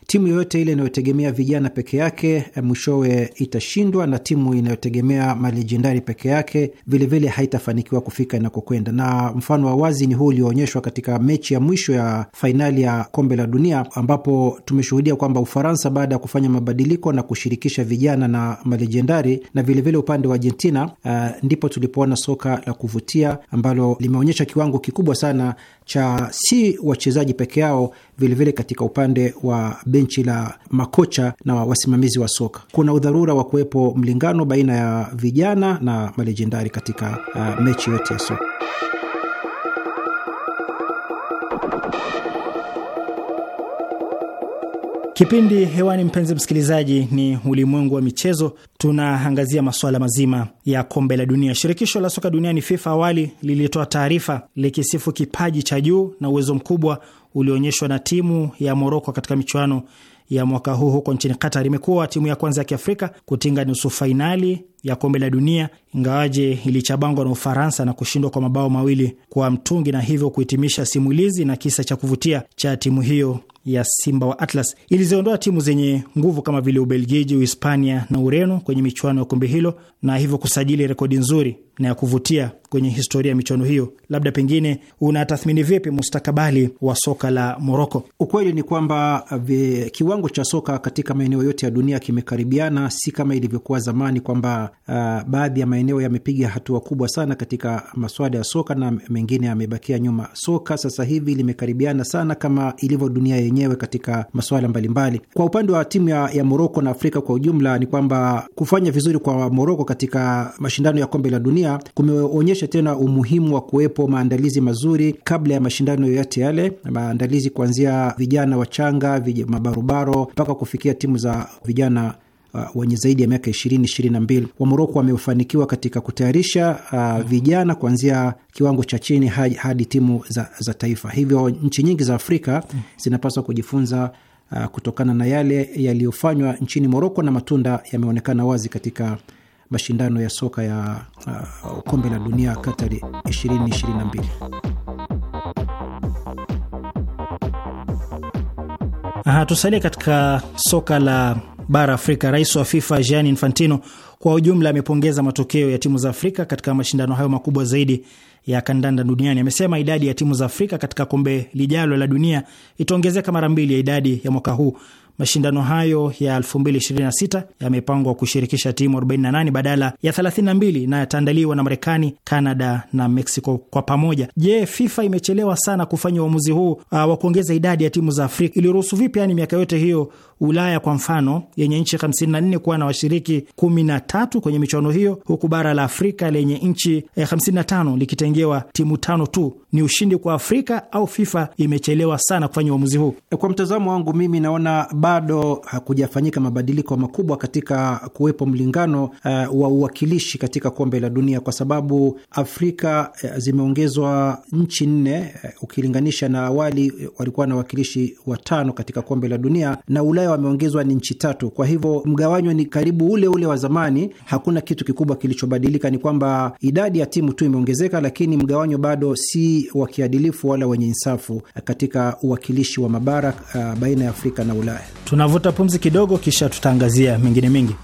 timu yoyote ile inayotegemea vijana peke yake eh, mwishowe itashindwa, na timu inayotegemea malejendari peke yake vilevile haitafanikiwa kufika inakokwenda, na mfano wa wazi ni huu ulioonyeshwa katika katika mechi ya mwisho ya fainali ya kombe la dunia, ambapo tumeshuhudia kwamba Ufaransa baada ya kufanya mabadiliko na kushirikisha vijana na malejendari na vilevile upande wa Argentina, uh, ndipo tulipoona soka la kuvutia ambalo limeonyesha kiwango kikubwa sana cha si wachezaji peke yao, vilevile katika upande wa benchi la makocha na wasimamizi wa soka. Kuna udharura wa kuwepo mlingano baina ya vijana na malejendari katika uh, mechi yote ya soka. Kipindi hewani, mpenzi msikilizaji, ni ulimwengu wa michezo. Tunaangazia masuala mazima ya kombe la dunia. Shirikisho la soka duniani FIFA awali lilitoa taarifa likisifu kipaji cha juu na uwezo mkubwa ulioonyeshwa na timu ya Moroko katika michuano ya mwaka huu huko nchini Qatar. Imekuwa timu ya kwanza ya kiafrika kutinga nusu fainali ya kombe la dunia, ingawaje ilichabangwa na Ufaransa na kushindwa kwa mabao mawili kwa mtungi, na hivyo kuhitimisha simulizi na kisa cha kuvutia cha timu hiyo ya Simba wa Atlas iliziondoa timu zenye nguvu kama vile Ubelgiji, Uhispania na Ureno kwenye michuano ya kombe hilo na hivyo kusajili rekodi nzuri na ya kuvutia kwenye historia ya michuano hiyo. Labda pengine unatathmini vipi mustakabali wa soka la Moroko? Ukweli ni kwamba kiwango cha soka katika maeneo yote ya dunia kimekaribiana, si kama ilivyokuwa zamani kwamba uh, baadhi ya maeneo yamepiga hatua kubwa sana katika maswala ya soka na mengine yamebakia nyuma. Soka sasa hivi limekaribiana sana kama ilivyo dunia yenyewe katika masuala mbalimbali. Kwa upande wa timu ya, ya Moroko na Afrika kwa ujumla, ni kwamba kufanya vizuri kwa Moroko katika mashindano ya kombe la dunia kumeonyesha tena umuhimu wa kuwepo maandalizi mazuri kabla ya mashindano yoyote yale, maandalizi kuanzia vijana wachanga, mabarobaro mpaka kufikia timu za vijana uh, wenye zaidi ya miaka 20 22 wa Moroko wamefanikiwa katika kutayarisha uh, vijana kuanzia kiwango cha chini hadi, hadi timu za, za taifa. Hivyo nchi nyingi za Afrika zinapaswa kujifunza uh, kutokana na yale yaliyofanywa nchini Moroko na matunda yameonekana wazi katika mashindano ya soka ya uh, kombe la dunia Katari 2022. Aha, tusalie katika soka la bara Afrika. Rais wa FIFA Gianni Infantino kwa ujumla amepongeza matokeo ya timu za Afrika katika mashindano hayo makubwa zaidi ya kandanda duniani. Amesema idadi ya timu za Afrika katika kombe lijalo la dunia itaongezeka mara mbili ya idadi ya mwaka huu. Mashindano hayo ya 2026 yamepangwa kushirikisha timu 48 badala ya 32 na yataandaliwa na Marekani, canada na Mexico kwa pamoja. Je, FIFA imechelewa sana kufanya uamuzi huu uh, wa kuongeza idadi ya timu za Afrika? Iliruhusu vipi yani miaka yote hiyo Ulaya kwa mfano yenye nchi 54 kuwa na washiriki 13 kwenye michuano hiyo, huku bara la Afrika lenye nchi eh, 55 likitengewa timu tano tu? ni ushindi kwa Afrika au FIFA imechelewa sana kufanya uamuzi huu? E, kwa mtazamo wangu mimi naona bado hakujafanyika mabadiliko makubwa katika kuwepo mlingano uh, wa uwakilishi katika kombe la dunia, kwa sababu Afrika uh, zimeongezwa nchi nne uh, ukilinganisha na awali uh, walikuwa na wakilishi watano katika kombe la dunia, na Ulaya wameongezwa ni nchi tatu. Kwa hivyo mgawanyo ni karibu ule ule wa zamani. Hakuna kitu kikubwa kilichobadilika, ni kwamba idadi ya timu tu imeongezeka, lakini mgawanyo bado si wa wakiadilifu wala wenye insafu katika uwakilishi wa mabara uh, baina ya Afrika na Ulaya. Tunavuta pumzi kidogo, kisha tutaangazia mengine mengi.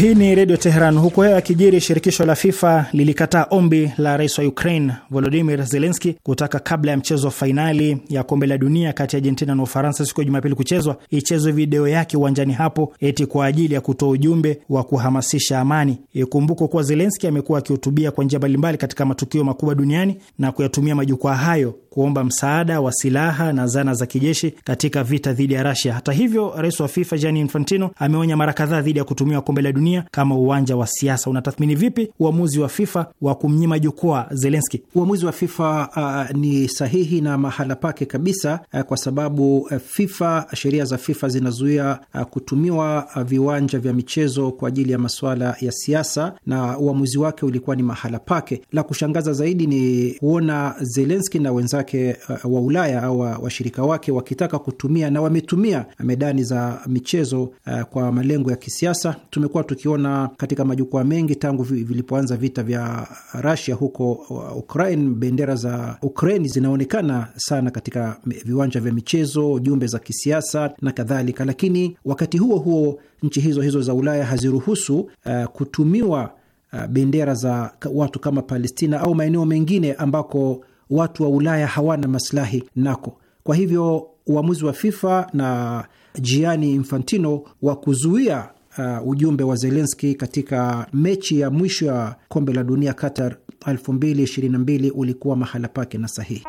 Hii ni Redio Teheran. Huku hayo yakijiri, shirikisho la FIFA lilikataa ombi la rais wa Ukraine Volodimir Zelenski kutaka kabla ya mchezo wa fainali ya kombe la dunia kati ya Argentina na Ufaransa siku ya Jumapili kuchezwa ichezwe video yake uwanjani hapo, eti kwa ajili ya kutoa ujumbe wa kuhamasisha amani. Ikumbukwe kuwa Zelenski amekuwa akihutubia kwa njia mbalimbali katika matukio makubwa duniani na kuyatumia majukwaa hayo kuomba msaada wa silaha na zana za kijeshi katika vita dhidi ya Rasia. Hata hivyo, rais wa FIFA Gianni Infantino ameonya mara kadhaa dhidi ya kutumiwa kombe la dunia kama uwanja wa siasa. Unatathmini vipi uamuzi wa FIFA wa kumnyima jukwaa Zelenski? Uamuzi wa FIFA uh, ni sahihi na mahala pake kabisa, uh, kwa sababu uh, FIFA, sheria za FIFA zinazuia uh, kutumiwa uh, viwanja vya michezo kwa ajili ya masuala ya siasa, na uamuzi wake ulikuwa ni mahala pake. La kushangaza zaidi ni kuona Zelenski na wenzake wenzake uh, wa Ulaya au washirika wake wakitaka kutumia na wametumia medani za michezo uh, kwa malengo ya kisiasa. Tumekuwa tukiona katika majukwaa mengi tangu vilipoanza vita vya Rasia huko uh, Ukraine, bendera za Ukraini zinaonekana sana katika viwanja vya michezo, jumbe za kisiasa na kadhalika. Lakini wakati huo huo nchi hizo hizo za Ulaya haziruhusu uh, kutumiwa uh, bendera za watu kama Palestina au maeneo mengine ambako watu wa Ulaya hawana masilahi nako. Kwa hivyo uamuzi wa FIFA na Gianni Infantino wa kuzuia uh, ujumbe wa Zelenski katika mechi ya mwisho ya kombe la dunia Qatar 2022 ulikuwa mahala pake na sahihi.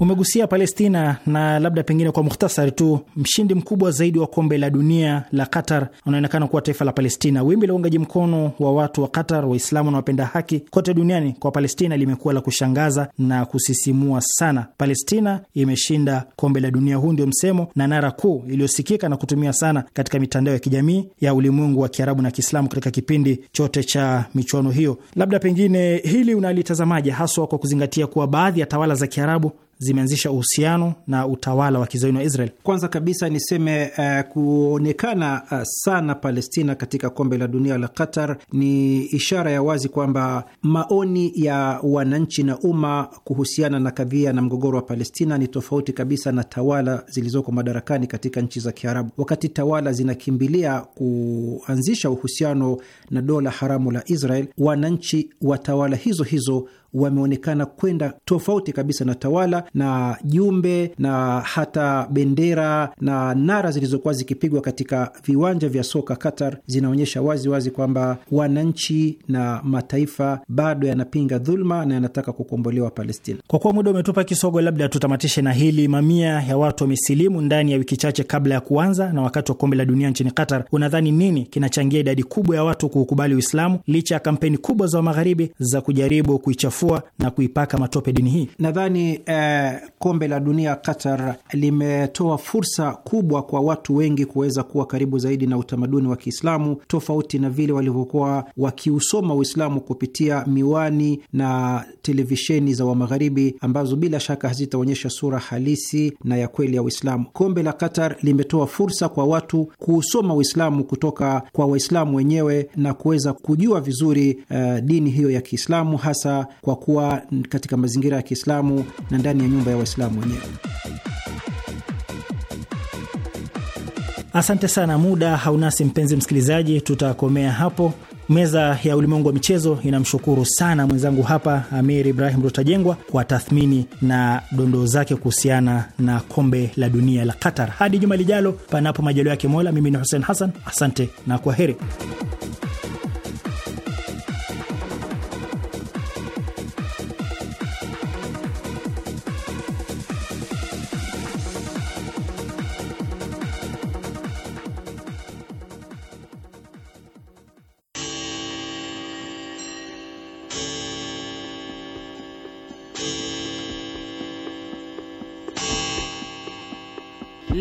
Umegusia Palestina na labda pengine kwa muhtasari tu, mshindi mkubwa zaidi wa kombe la dunia la Qatar unaonekana kuwa taifa la Palestina. Wimbi la uungaji mkono wa watu wa Qatar, Waislamu na wapenda haki kote duniani kwa Palestina limekuwa la kushangaza na kusisimua sana. Palestina imeshinda kombe la dunia, huu ndio msemo na nara kuu iliyosikika na kutumia sana katika mitandao ya kijamii ya ulimwengu wa Kiarabu na Kiislamu katika kipindi chote cha michuano hiyo. Labda pengine hili unalitazamaje, haswa kwa kuzingatia kuwa baadhi ya tawala za Kiarabu zimeanzisha uhusiano na utawala wa kizayuni wa Israel. Kwanza kabisa niseme uh, kuonekana uh, sana Palestina katika kombe la dunia la Qatar ni ishara ya wazi kwamba maoni ya wananchi na umma kuhusiana na kadhia na mgogoro wa Palestina ni tofauti kabisa na tawala zilizoko madarakani katika nchi za Kiarabu. Wakati tawala zinakimbilia kuanzisha uhusiano na dola haramu la Israel, wananchi wa tawala hizo hizo wameonekana kwenda tofauti kabisa na tawala na jumbe na hata bendera na nara zilizokuwa zikipigwa katika viwanja vya soka Qatar zinaonyesha wazi wazi kwamba wananchi na mataifa bado yanapinga dhuluma na yanataka kukombolewa Palestina. Kwa kuwa muda umetupa kisogo, labda tutamatishe na hili. Mamia ya watu wamesilimu ndani ya wiki chache kabla ya kuanza na wakati wa kombe la dunia nchini Qatar. Unadhani nini kinachangia idadi kubwa ya watu kuukubali Uislamu licha ya kampeni kubwa za Magharibi za kujaribu kuichafua kuifua na kuipaka matope dini hii. Nadhani eh, kombe la dunia Qatar limetoa fursa kubwa kwa watu wengi kuweza kuwa karibu zaidi na utamaduni wa Kiislamu, tofauti na vile walivyokuwa wakiusoma Uislamu kupitia miwani na televisheni za Wamagharibi, ambazo bila shaka hazitaonyesha sura halisi na ya kweli ya Uislamu. Kombe la Qatar limetoa fursa kwa watu kuusoma Uislamu kutoka kwa Waislamu wenyewe na kuweza kujua vizuri eh, dini hiyo ya Kiislamu hasa kwa kwa kuwa katika mazingira ya Kiislamu na ndani ya nyumba ya Waislamu wenyewe. Asante sana, muda haunasi mpenzi msikilizaji, tutakomea hapo. Meza ya ulimwengu wa michezo inamshukuru sana mwenzangu hapa Amir Ibrahim Rutajengwa kwa tathmini na dondoo zake kuhusiana na kombe la dunia la Qatar. Hadi juma lijalo, panapo majalio yake Mola, mimi ni Hussein Hassan, asante na kwa heri.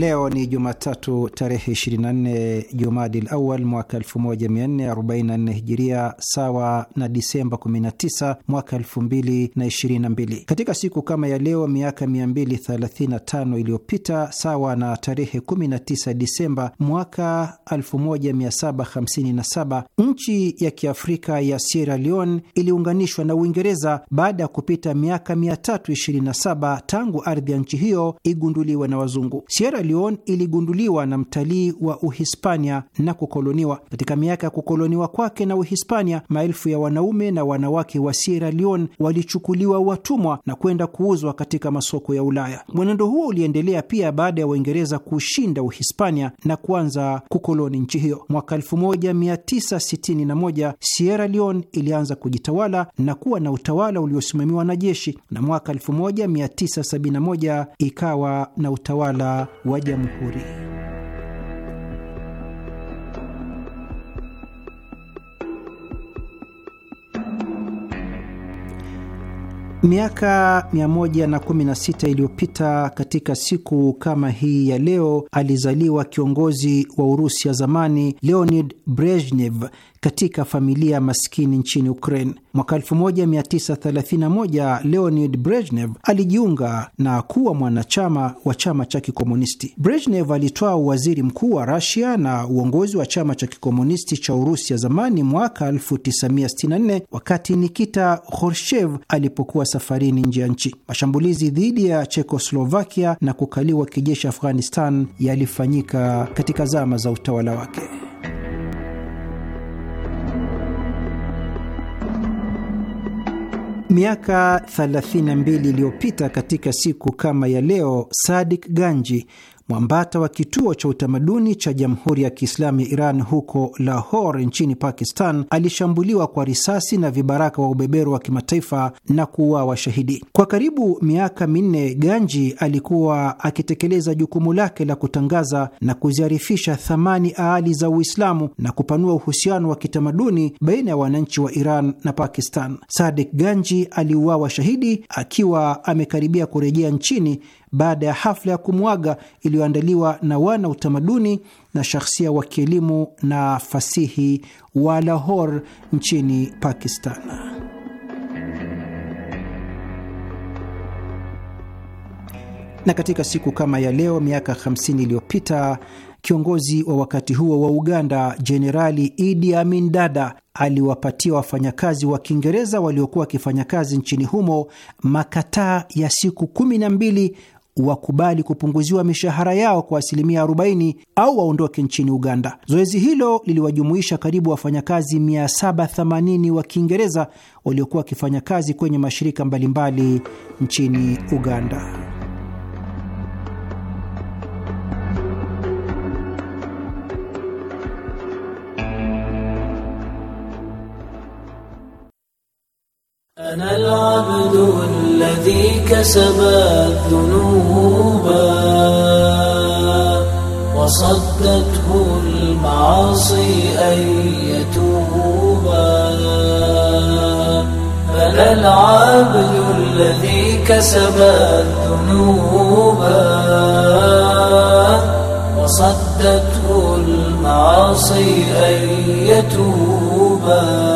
Leo ni Jumatatu tarehe 24 Jumadil Awal mwaka 1444 Hijiria, sawa na Disemba 19 mwaka 2022. Katika siku kama ya leo miaka 235 iliyopita, sawa na tarehe 19 Disemba mwaka 1757, nchi ya kiafrika ya Sierra Leone iliunganishwa na Uingereza baada ya kupita miaka 327 tangu ardhi ya nchi hiyo igunduliwe na wazungu Sierra Leon iligunduliwa na mtalii wa Uhispania na kukoloniwa. Katika miaka ya kukoloniwa kwake na Uhispania, maelfu ya wanaume na wanawake wa Sierra Leon walichukuliwa watumwa na kwenda kuuzwa katika masoko ya Ulaya. Mwenendo huo uliendelea pia baada ya Waingereza kushinda Uhispania na kuanza kukoloni nchi hiyo. Mwaka 1961 Sierra Leon ilianza kujitawala na kuwa na utawala uliosimamiwa na jeshi, na mwaka 1971 ikawa na utawala wa wa jamhuri. Miaka 116 iliyopita katika siku kama hii ya leo alizaliwa kiongozi wa Urusi ya zamani Leonid Brezhnev katika familia maskini nchini Ukraine. Mwaka 1931 Leonid Brezhnev alijiunga na kuwa mwanachama wa chama cha kikomunisti. Brezhnev alitoa uwaziri mkuu wa Rasia na uongozi wa chama cha kikomunisti cha Urusi ya zamani mwaka 1964 wakati Nikita Khrushchev alipokuwa safarini nje ya nchi. Mashambulizi dhidi ya Chekoslovakia na kukaliwa kijeshi Afghanistan yalifanyika katika zama za utawala wake. Miaka 32 iliyopita katika siku kama ya leo, Sadik Ganji, mwambata wa kituo cha utamaduni cha Jamhuri ya Kiislamu ya Iran huko Lahore nchini Pakistan, alishambuliwa kwa risasi na vibaraka wa ubeberu wa kimataifa na kuuawa shahidi. Kwa karibu miaka minne, Ganji alikuwa akitekeleza jukumu lake la kutangaza na kuziarifisha thamani aali za Uislamu na kupanua uhusiano wa kitamaduni baina ya wananchi wa Iran na Pakistan. Sadik Ganji aliuawa shahidi akiwa amekaribia kurejea nchini baada ya hafla ya kumwaga iliyoandaliwa na wana utamaduni na shakhsia wa kielimu na fasihi wa Lahore nchini Pakistan. Na katika siku kama ya leo miaka 50 iliyopita kiongozi wa wakati huo wa Uganda Jenerali Idi Amin Dada aliwapatia wafanyakazi wa Kiingereza waliokuwa wakifanya kazi nchini humo makataa ya siku kumi na mbili wakubali kupunguziwa mishahara yao kwa asilimia 40 au waondoke nchini Uganda. Zoezi hilo liliwajumuisha karibu wafanyakazi 780 wa Kiingereza waliokuwa wakifanya kazi kwenye mashirika mbalimbali nchini Uganda. أنا العبد الذي كسب الذنوب وصدته المعاصي أن يتوب فلا العبد الذي كسب الذنوب وصدته المعاصي أن يتوبا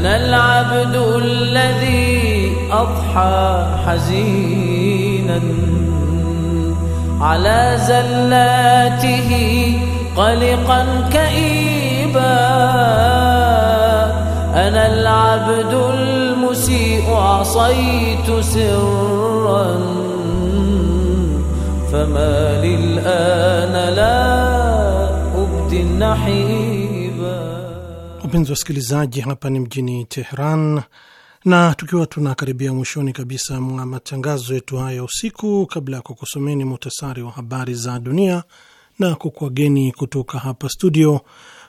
أنا العبد الذي أضحى حزينا على زلاته قلقا كئيبا أنا العبد المسيء عصيت سرا فما للآن لا أبدي النحيب Wapenzi wasikilizaji, hapa ni mjini Teheran, na tukiwa tunakaribia mwishoni kabisa mwa matangazo yetu haya usiku, kabla ya kukusomeni muhtasari wa habari za dunia na kukuageni kutoka hapa studio,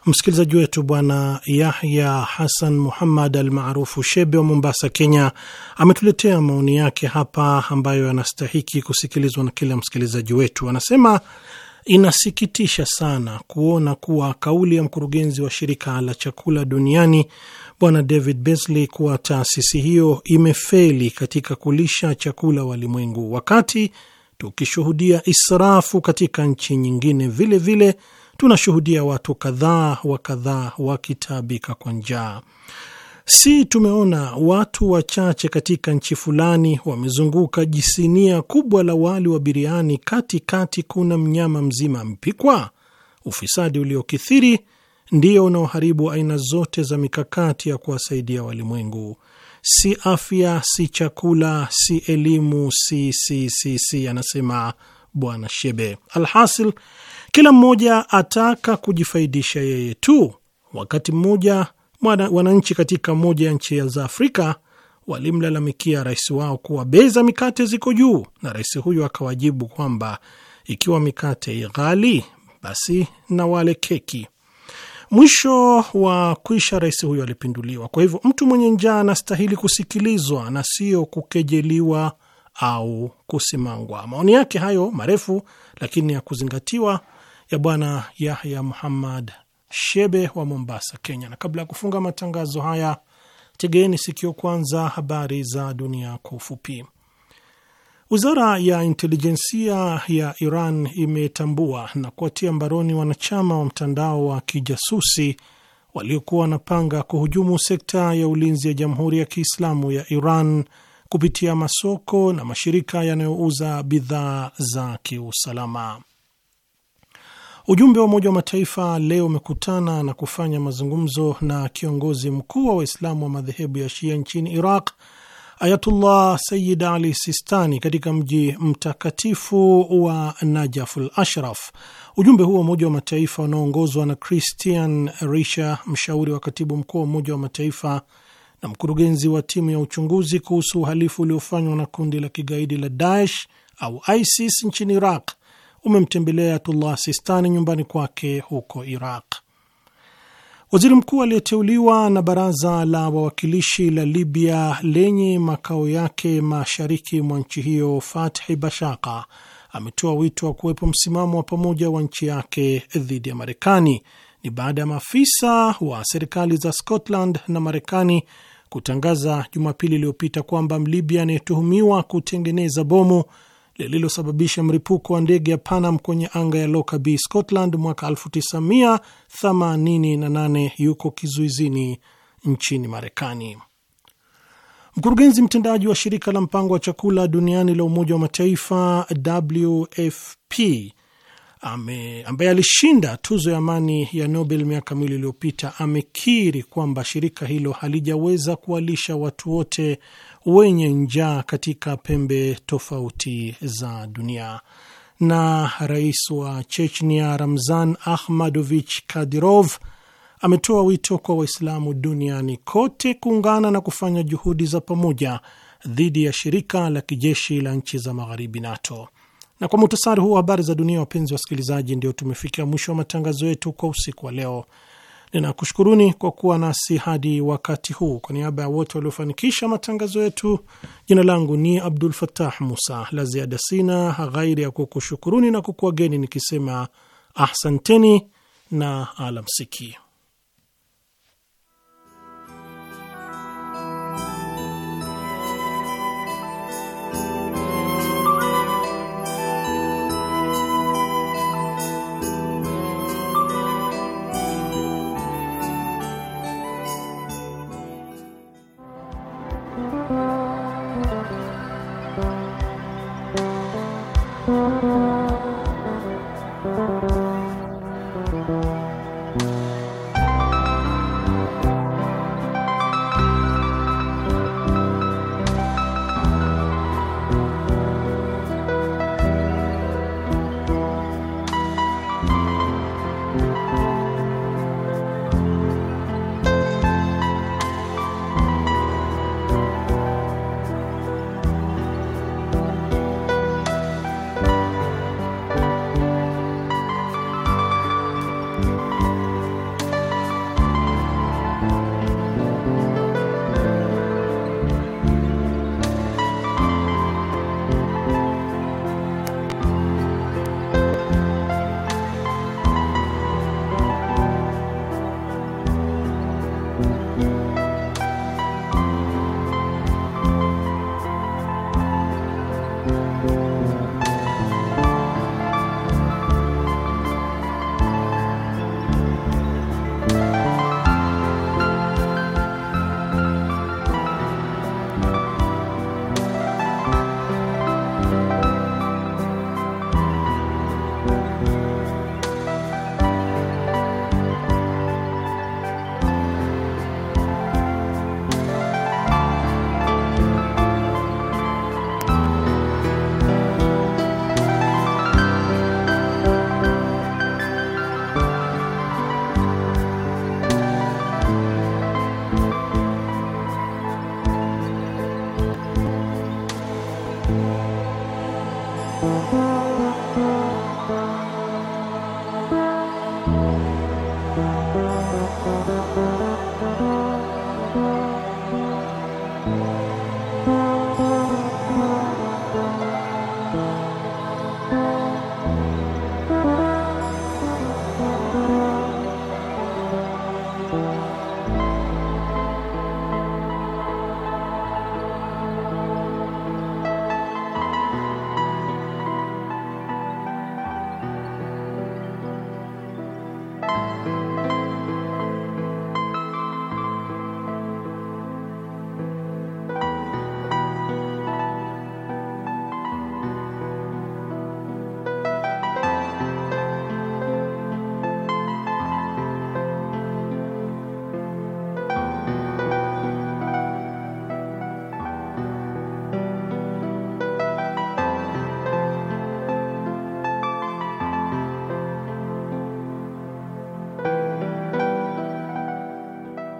msikilizaji wetu Bwana Yahya Hasan Muhammad almaarufu Shebe wa Mombasa, Kenya, ametuletea maoni yake hapa ambayo yanastahiki kusikilizwa na kila msikilizaji wetu. Anasema Inasikitisha sana kuona kuwa kauli ya mkurugenzi wa shirika la chakula duniani Bwana David Beasley kuwa taasisi hiyo imefeli katika kulisha chakula walimwengu, wakati tukishuhudia israfu katika nchi nyingine. Vile vile tunashuhudia watu kadhaa wa kadhaa wakitaabika kwa njaa. Si tumeona watu wachache katika nchi fulani wamezunguka jisinia kubwa la wali wa biriani, katikati kuna mnyama mzima mpikwa. Ufisadi uliokithiri ndio unaoharibu aina zote za mikakati ya kuwasaidia walimwengu. Si afya, si chakula, si elimu, si si si si, anasema Bwana Shebe. Alhasil, kila mmoja ataka kujifaidisha yeye tu. Wakati mmoja wananchi katika moja ya nchi za Afrika walimlalamikia rais wao kuwa bei za mikate ziko juu, na rais huyo akawajibu kwamba ikiwa mikate ghali, basi na wale keki. Mwisho wa kuisha, rais huyo alipinduliwa. Kwa hivyo mtu mwenye njaa anastahili kusikilizwa na sio kukejeliwa au kusimangwa. Maoni yake hayo marefu lakini ya kuzingatiwa ya Bwana Yahya Muhammad Shebe wa Mombasa, Kenya. Na kabla ya kufunga matangazo haya, tegeeni sikio kwanza habari za dunia kwa ufupi. Wizara ya intelijensia ya Iran imetambua na kuwatia mbaroni wanachama wa mtandao wa kijasusi waliokuwa wanapanga kuhujumu sekta ya ulinzi ya Jamhuri ya Kiislamu ya Iran kupitia masoko na mashirika yanayouza bidhaa za kiusalama. Ujumbe wa Umoja wa Mataifa leo umekutana na kufanya mazungumzo na kiongozi mkuu wa Waislamu wa madhehebu ya Shia nchini Iraq, Ayatullah Sayid Ali Sistani, katika mji mtakatifu wa Najaful Ashraf. Ujumbe huo wa Umoja wa Mataifa unaoongozwa na Christian Risha, mshauri wa katibu mkuu wa Umoja wa Mataifa na mkurugenzi wa timu ya uchunguzi kuhusu uhalifu uliofanywa na kundi la kigaidi la Daesh au ISIS nchini Iraq umemtembelea Ayatullah Sistani nyumbani kwake huko Iraq. Waziri mkuu aliyeteuliwa na baraza la wawakilishi la Libya lenye makao yake mashariki mwa nchi hiyo, Fathi Bashaka, ametoa wito wa kuwepo msimamo wa pamoja wa nchi yake dhidi ya Marekani. Ni baada ya maafisa wa serikali za Scotland na Marekani kutangaza Jumapili iliyopita kwamba Mlibya anayetuhumiwa kutengeneza bomu lililosababisha mripuko wa ndege ya Panam kwenye anga ya Lockerbie, Scotland mwaka 1988 yuko kizuizini nchini Marekani. Mkurugenzi mtendaji wa shirika la mpango wa chakula duniani la Umoja wa Mataifa WFP ame, ambaye alishinda tuzo ya amani ya Nobel miaka miwili iliyopita amekiri kwamba shirika hilo halijaweza kuwalisha watu wote wenye njaa katika pembe tofauti za dunia. Na rais wa Chechnia Ramzan Ahmadovich Kadirov ametoa wito kwa Waislamu duniani kote kuungana na kufanya juhudi za pamoja dhidi ya shirika la kijeshi la nchi za magharibi NATO. Na kwa muhtasari huu wa habari za dunia, wapenzi wasikilizaji, ndio tumefikia mwisho wa matangazo yetu kwa usiku wa leo. Ninakushukuruni kwa kuwa nasi hadi wakati huu. Kwa niaba ya wote waliofanikisha matangazo yetu, jina langu ni Abdul Fattah Musa. La ziada sina ghairi ya kukushukuruni na kukuageni nikisema ahsanteni na alamsiki.